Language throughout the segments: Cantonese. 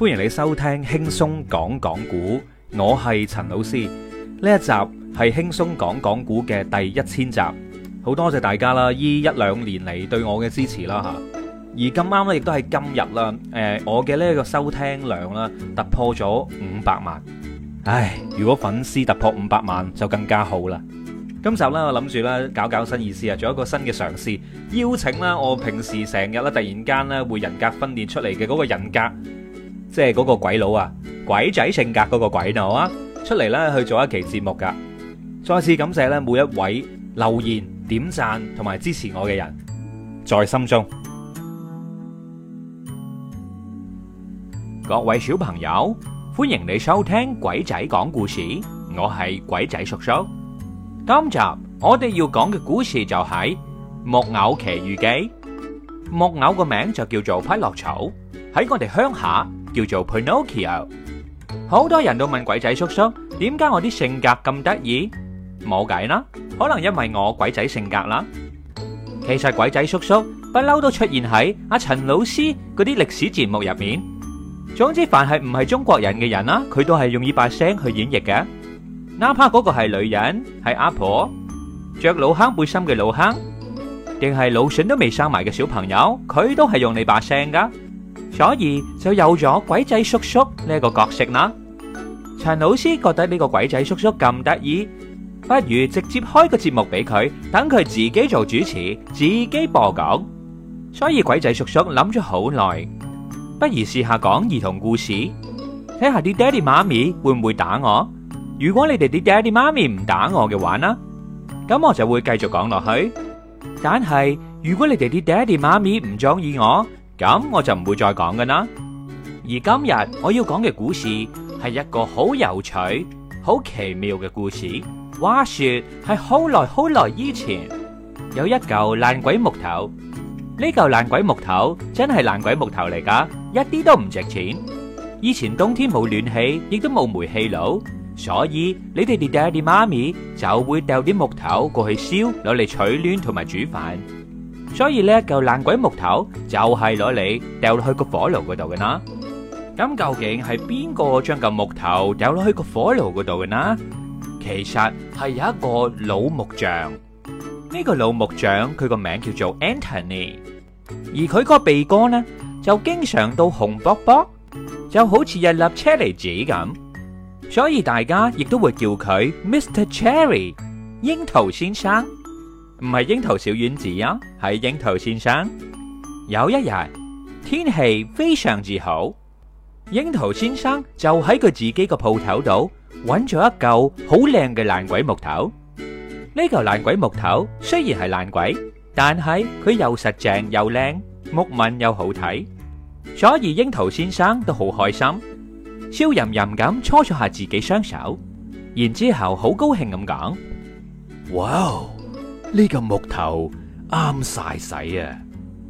歡迎你收聽輕鬆講港股，我係陳老師。呢一集係輕鬆講港股嘅第一千集，好多謝大家啦！依一兩年嚟對我嘅支持啦吓。而咁啱呢，亦都係今日啦。誒、呃，我嘅呢一個收聽量啦突破咗五百萬。唉，如果粉絲突破五百萬就更加好啦。今集呢，我諗住咧搞搞新意思啊，做一個新嘅嘗試。邀請啦，我平時成日咧突然間咧會人格分裂出嚟嘅嗰個人格。即係嗰個鬼佬啊，鬼仔性格嗰個鬼佬啊，出嚟咧去做一期節目噶。再次感謝咧每一位留言、點讚同埋支持我嘅人，在心中。各位小朋友歡迎你收聽鬼仔講故事，我係鬼仔叔叔。今集我哋要講嘅故事就係木偶奇遇記。木偶個名就叫做匹諾曹，喺我哋鄉下，叫做 Pinocchio，好多人都問鬼仔叔叔：點解我啲性格咁得意？冇計啦，可能因為我鬼仔性格啦。其實鬼仔叔叔不嬲都出現喺阿陳老師嗰啲歷史節目入面。總之，凡係唔係中國人嘅人啦，佢都係用呢把聲去演繹嘅。哪怕嗰個係女人，係阿婆，着老坑背心嘅老坑，定係腦笋都未生埋嘅小朋友，佢都係用你把聲㗎。所以就有咗鬼仔叔叔呢個角色啦。陳老師覺得呢個鬼仔叔叔咁得意，不如直接開個節目俾佢，等佢自己做主持，自己播講。所以鬼仔叔叔諗咗好耐，不如試下講兒童故事，睇下啲爹哋媽咪會唔會打我。如果你哋啲爹哋媽咪唔打我嘅話呢，咁我就會繼續講落去。但係如果你哋啲爹哋媽咪唔中意我。咁我就唔會再講嘅啦。而今日我要講嘅故事係一個好有趣、好奇妙嘅故事。話說係好耐好耐以前，有一嚿爛鬼木頭。呢嚿爛鬼木頭真係爛鬼木頭嚟㗎，一啲都唔值錢。以前冬天冇暖氣，亦都冇煤氣爐，所以你哋啲爹哋媽咪就會掉啲木頭過去燒，攞嚟取暖同埋煮飯。所以呢一嚿爛鬼木頭就係攞你掉落去個火爐嗰度嘅啦。咁究竟係邊個將嚿木頭掉落去個火爐嗰度嘅呢？其實係有一個老木匠。呢個老木匠佢個名叫做 Anthony，而佢個鼻哥呢就經常到紅卜卜，就好似一粒車厘子咁，所以大家亦都會叫佢 Mr Cherry 櫻桃先生。唔係櫻桃小丸子啊，係櫻桃先生。有一日天氣非常之好，櫻桃先生就喺佢自己個鋪頭度揾咗一嚿好靚嘅爛鬼木頭。呢嚿爛鬼木頭雖然係爛鬼，但係佢又實淨又靚，木紋又好睇，所以櫻桃先生都好開心，笑吟吟咁搓咗下自己雙手，然之後好高興咁講：哇哦！呢個木頭啱曬使啊，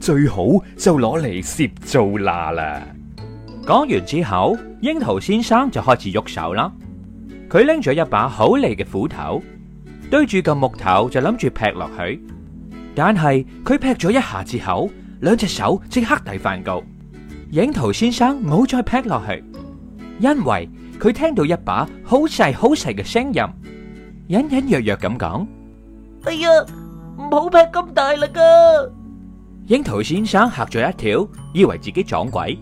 最好就攞嚟攝做啦啦。講完之後，櫻桃先生就開始喐手啦。佢拎咗一把好利嘅斧頭，對住個木頭就諗住劈落去。但係佢劈咗一下之後，兩隻手即刻大翻局。櫻桃先生冇再劈落去，因為佢聽到一把好細好細嘅聲音，隱隱約約咁講。哎呀，唔好劈咁大力噶！櫻桃先生吓咗一跳，以為自己撞鬼，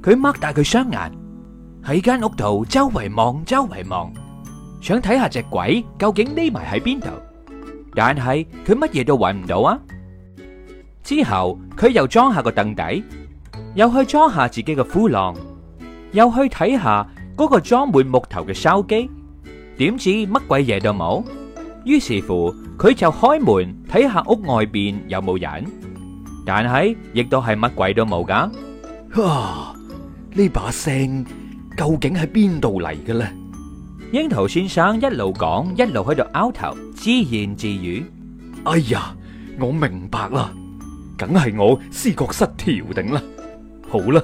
佢擘大佢雙眼喺間屋度周圍望，周圍望，想睇下隻鬼究竟匿埋喺邊度，但係佢乜嘢都搵唔到啊！之後佢又裝下個凳底，又去裝下自己嘅褲浪，又去睇下嗰個裝滿木頭嘅筲箕，點知乜鬼嘢都冇。於是乎，佢就開門睇下屋外邊有冇人，但係亦都係乜鬼都冇噶。哈！呢把聲究竟喺邊度嚟嘅咧？櫻桃先生一路講一路喺度拗頭，自言自語：哎呀，我明白啦，梗係我思覺失調定啦。好啦，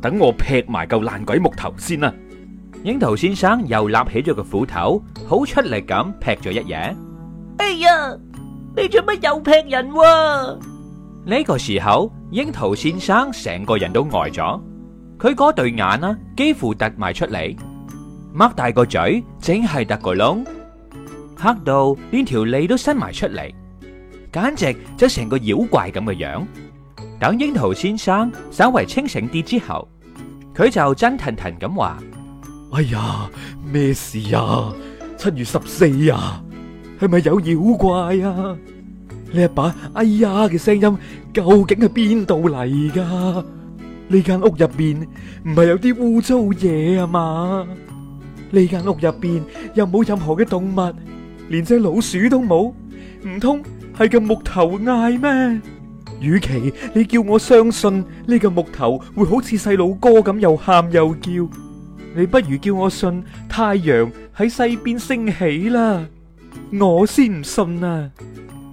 等我劈埋嚿爛鬼木頭先啦。櫻桃先生又立起咗個斧頭，好出力咁劈咗一嘢。哎呀，你做乜又劈人？呢個時候，櫻桃先生成個人都呆咗，佢嗰對眼啊幾乎突埋出嚟，擘大個嘴，淨係突個窿，嚇到連條脷都伸埋出嚟，簡直就成個妖怪咁嘅樣。等櫻桃先生稍微清醒啲之後，佢就真騰騰咁話。哎呀，咩事啊？七月十四啊，係咪有妖怪啊？呢一把哎呀嘅聲音究竟係邊度嚟㗎？呢間屋入邊唔係有啲污糟嘢啊嘛？呢間屋入邊又冇任何嘅動物，連隻老鼠都冇，唔通係個木頭嗌咩？與其你叫我相信呢個木頭會好似細佬哥咁又喊又叫。你不如叫我信太陽喺西邊升起啦，我先唔信啊！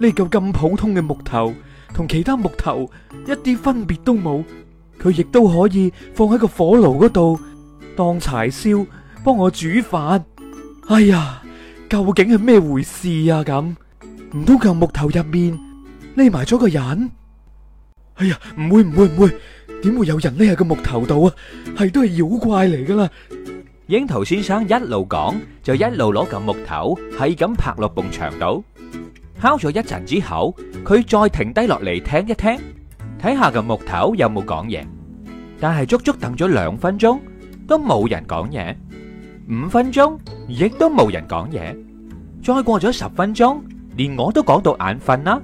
呢嚿咁普通嘅木頭，同其他木頭一啲分別都冇，佢亦都可以放喺個火爐嗰度當柴燒，幫我煮飯。哎呀，究竟係咩回事啊？咁唔通嚿木頭入面匿埋咗個人？哎呀，唔會唔會唔會！點會有人匿喺個木頭度啊，係都係妖怪嚟噶啦！櫻桃先生一路講就一路攞根木頭係咁拍落埲牆度，敲咗一陣之後，佢再停低落嚟聽一聽，睇下個木頭有冇講嘢。但係足足等咗兩分鐘都冇人講嘢，五分鐘亦都冇人講嘢，再過咗十分鐘，連我都講到眼瞓啦，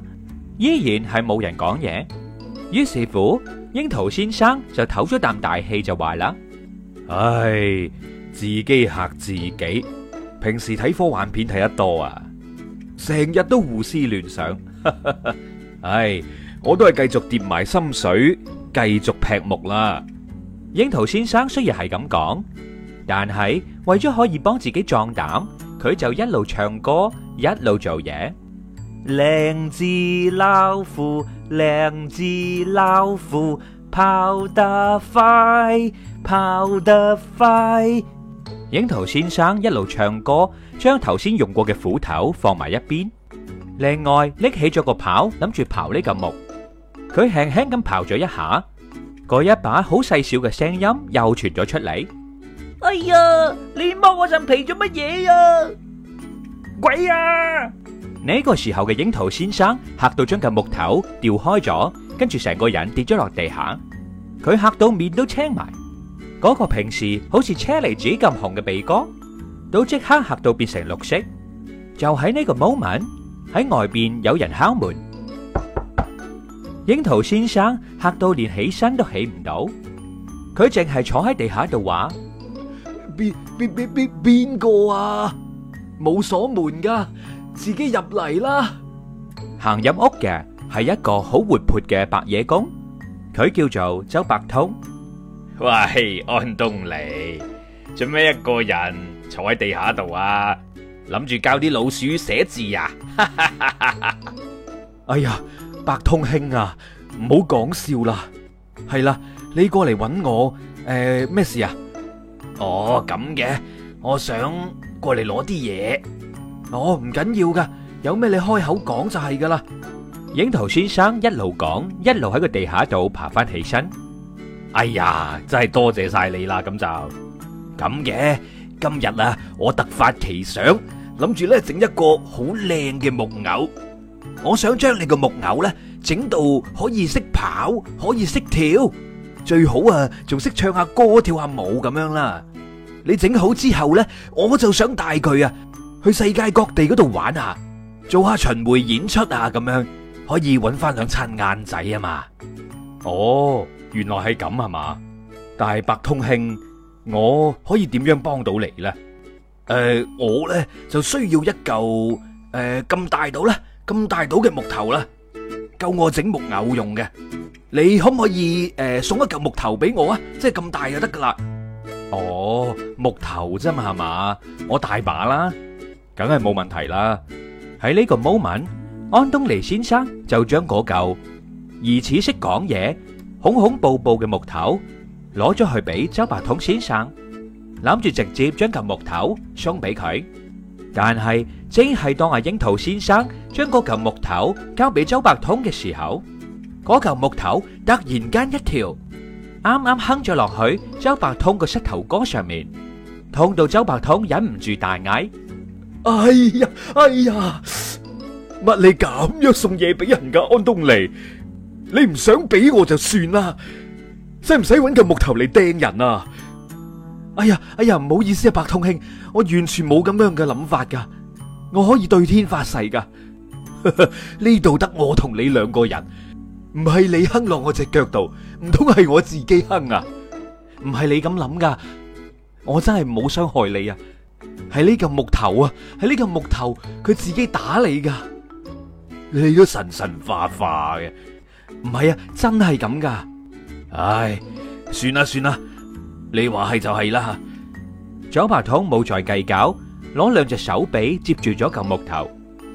依然係冇人講嘢。於是乎。櫻桃先生就唞咗啖大氣就話啦：唉，自己吓自己，平時睇科幻片睇得多啊，成日都胡思亂想。唉，我都係繼續疊埋心水，繼續劈木啦。櫻桃先生雖然係咁講，但係為咗可以幫自己壯膽，佢就一路唱歌，一路做嘢。靚字撈富。兩隻老虎，跑得快，跑得快！櫻桃先生一路唱歌，將頭先用過嘅斧頭放埋一邊。另外拎起咗個刨，諗住刨呢個木。佢輕輕咁刨咗一下，嗰一把好細小嘅聲音又傳咗出嚟。哎呀！你剝我層皮做乜嘢呀？鬼呀！呢個時候嘅櫻桃先生嚇到將嚿木頭掉開咗，跟住成個人跌咗落地下，佢嚇到面都青埋，嗰個平時好似車厘子咁紅嘅鼻哥，都即刻嚇到變成綠色。就喺呢個 moment 喺外邊有人敲門，櫻桃先生嚇到連起身都起唔到，佢淨係坐喺地下度話：邊邊邊邊邊個啊？冇鎖門噶，自己入嚟啦。行入屋嘅係一個好活潑嘅白野公，佢叫做周白通。哇嘿，安東尼，做咩一個人坐喺地下度啊？諗住教啲老鼠寫字呀？哈哈哈哈哈，哎呀，白通兄啊，唔好講笑啦。係啦，你過嚟搵我，誒，咩事啊？哦，咁嘅，我想。過嚟攞啲嘢，我唔緊要噶，有咩你開口講就係噶啦。影頭先生一路講，一路喺個地下度爬翻起身。哎呀，真係多謝晒你啦，咁就咁嘅。今日啊，我突發奇想，諗住咧整一個好靚嘅木偶。我想將你個木偶咧整到可以識跑，可以識跳，最好啊仲識唱下歌、跳下舞咁樣啦。你整好之後咧，我就想帶佢啊去世界各地嗰度玩下，做下巡迴演出啊咁樣，可以搵翻兩餐晏仔啊嘛。哦，原來係咁係嘛，大白通兄，我可以點樣幫到你咧？誒、呃，我咧就需要一嚿誒咁大到，咧，咁大到嘅木頭啦，夠我整木偶用嘅。你可唔可以誒、呃、送一嚿木頭俾我啊？即係咁大就得噶啦。哦，木頭啫嘛，係嘛？我大把啦，梗係冇問題啦。喺呢個 moment，安東尼先生就將嗰嚿疑似識講嘢、恐恐怖怖嘅木頭攞咗去俾周伯通先生，諗住直接將嚿木頭送俾佢。但係正係當阿櫻桃先生將嗰嚿木頭交俾周伯通嘅時候，嗰嚿木頭突然間一條。啱啱哼咗落去周白通個膝頭哥上面，痛到周白通忍唔住大嗌：哎呀，哎呀！乜你咁樣送嘢俾人噶？安東尼，你唔想俾我就算啦，使唔使揾個木頭嚟掟人啊？哎呀，哎呀，唔好意思啊，白通兄，我完全冇咁樣嘅諗法噶，我可以對天發誓噶，呢度得我同你兩個人。唔係你哼落我隻腳度，唔通係我自己哼啊？唔係，你咁諗噶，我真係冇傷害你啊！係呢嚿木頭啊，係呢嚿木頭佢自己打你噶。你都神神化化嘅，唔係啊？真係咁噶，唉，算啦算啦，你話係就係啦吓。左白桶冇再計較，攞兩隻手臂接住咗嚿木頭。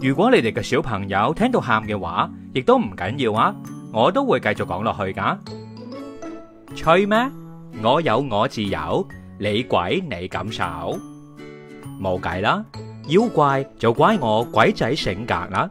如果你哋嘅小朋友聽到喊嘅話，亦都唔緊要啊，我都會繼續講落去㗎。吹咩？我有我自由，你鬼你感受。冇計啦，要怪就怪我鬼仔性格啦。